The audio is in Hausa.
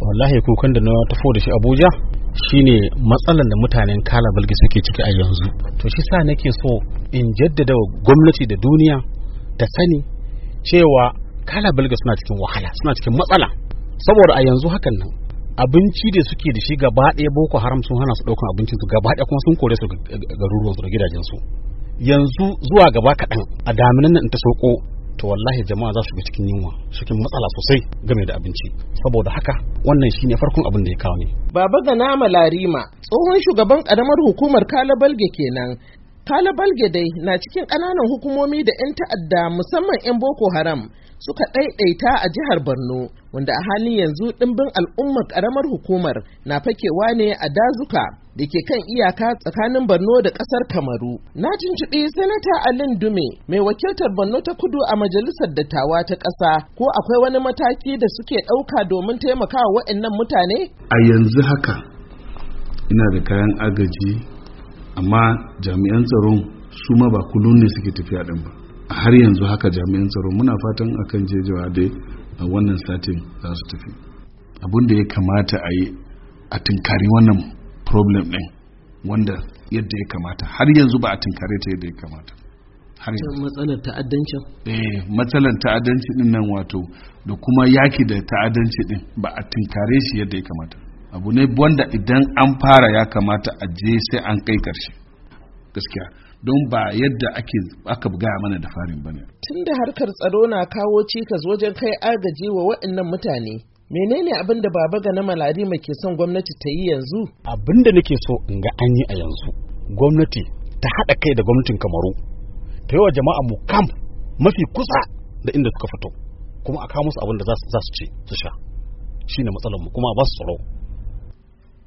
wallahi kukan da na tafo da shi abuja shine matsalan da mutanen kala balgi suke ciki a yanzu to shi sa nake so in jaddada wa gwamnati da duniya ta sani cewa kala balgi suna cikin wahala suna cikin matsala saboda a yanzu hakan nan abinci da suke da shi gaba ɗaya boko haram sun hana su ɗaukan abincin su gaba ɗaya kuma sun kore su garuruwan su da gidajen su yanzu zuwa gaba kaɗan a daminan nan ta sauko. to wallahi jama'a za su ga cikin yunwa cikin matsala sosai game da abinci saboda haka wannan shine farkon abin da ya kawo ni baba gana Larima tsohon shugaban karamar hukumar kalabalge kenan Kala Gidai na cikin ƙananan hukumomi da 'yan ta'adda musamman 'yan Boko Haram suka ɗaiɗaita a jihar Borno wanda a halin yanzu ɗimbin al'ummar ƙaramar hukumar na fakewa ne a dazuka da ke kan iyaka tsakanin Borno da ƙasar Kamaru. Na jinjiɗi Sanata Alin Dume mai wakiltar Borno ta kudu a majalisar dattawa ta ƙasa ko akwai wani mataki da suke ɗauka domin taimakawa waɗannan mutane? A yanzu haka ina da kayan agaji amma jami'an tsaron su ma ba kullum ne suke tafiya din ba har yanzu haka jami'an tsaro muna fatan akan jejewa dai a wannan satin za su tafi abin da ya kamata a yi a tunkari wannan problem din wanda yadda ya kamata har yanzu ba a tunkare ta yadda ya kamata har yanzu matsalar ta'addanci eh matsalar ta'addanci din nan wato da kuma yaki da ta'addanci din ba a tunkare shi yadda ya kamata abu ne wanda idan an fara ya kamata a je sai an kai karshe gaskiya don ba yadda ake aka buga mana da farin bane tun da harkar tsaro na kawo cikas wajen kai agaji wa waɗannan mutane menene abin da baba ga na Malari ke son gwamnati ta yi yanzu abin da nake so in ga an yi a yanzu gwamnati ta haɗa kai da gwamnatin kamaru ta yi wa jama'a mu kam mafi kusa da inda suka fito kuma a kawo musu abin da za su ce su sha shine matsalar mu kuma ba su tsaro